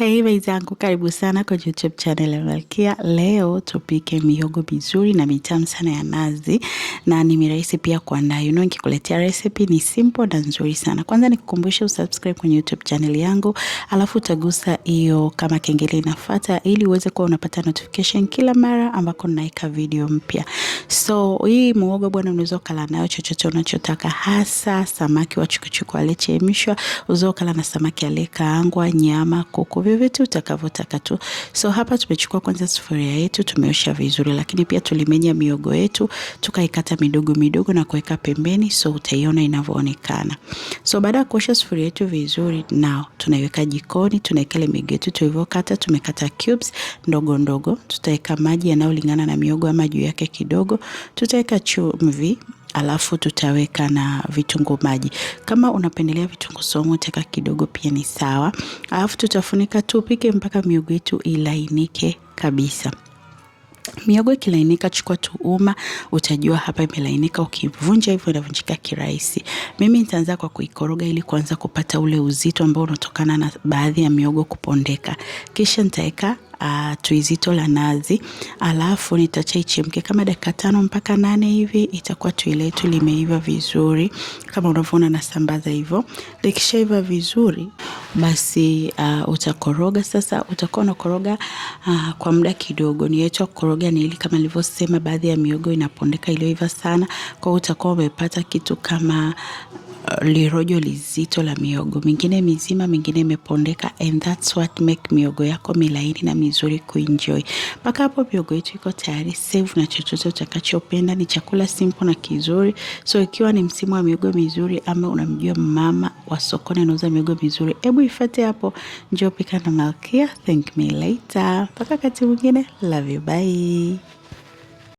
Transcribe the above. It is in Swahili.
Hei wenzangu, karibu sana kwenye YouTube channel ya Malkia. Leo tupike mihogo mizuri na mitamu sana ya nazi, na ni mirahisi pia kuandaa. You know, nikikuletea recipe ni simple na nzuri sana. Kwanza nikukumbushe usubscribe kwenye YouTube channel yangu, alafu utagusa hiyo kama kengele inafuata, ili uweze kuwa unapata notification kila mara ambako ninaweka video mpya. So hii muhogo bwana, unaweza kula nayo chochote unachotaka, hasa samaki wa chukuchuku aliyechemshwa, unaweza ukala na samaki aliyekaangwa, nyama, kuku vyovyote utakavyotaka tu. So hapa tumechukua kwanza sufuria yetu, tumeosha vizuri, lakini pia tulimenya miogo yetu tukaikata midogo midogo na kuweka pembeni, so utaiona inavyoonekana. So baada ya kuosha sufuria yetu vizuri, nao tunaiweka jikoni, tunaweka ile miogo yetu tulivyokata, tumekata cubes ndogo ndogo, tutaweka maji yanayolingana na miogo ama juu yake kidogo, tutaweka chumvi alafu tutaweka na vitunguu maji. Kama unapendelea vitunguu saumu utaweka kidogo pia ni sawa, alafu tutafunika tupike mpaka miogo yetu ilainike kabisa. Miogo ikilainika, chukua tu uma, utajua hapa imelainika. Ukivunja hivyo inavunjika kirahisi. Mimi nitaanza kwa kuikoroga ili kuanza kupata ule uzito ambao unatokana na baadhi ya miogo kupondeka, kisha nitaweka uh, tuizito la nazi, alafu nitacha ichemke kama dakika tano mpaka nane hivi, itakuwa tui letu limeiva vizuri kama unavyoona, nasambaza hivyo. Likishaiva vizuri basi uh, utakoroga sasa. Utakuwa unakoroga uh, kwa muda kidogo. Niacha kukoroga ni ili kama nilivyosema, baadhi ya miogo inapondeka iliyoiva sana, kwa utakuwa umepata kitu kama lirojo lizito la miogo, mingine mizima, mingine imepondeka, and that's what make miogo yako milaini na mizuri kuenjoy. Mpaka hapo miogo yetu iko tayari, save na chochote utakachopenda. Ni chakula simple na kizuri, so ikiwa ni msimu wa miogo mizuri ama unamjua mama wa sokoni anauza miogo mizuri, hebu ifate hapo, njoo pika na Malkia. Thank me later, mpaka wakati mwingine, love you, bye.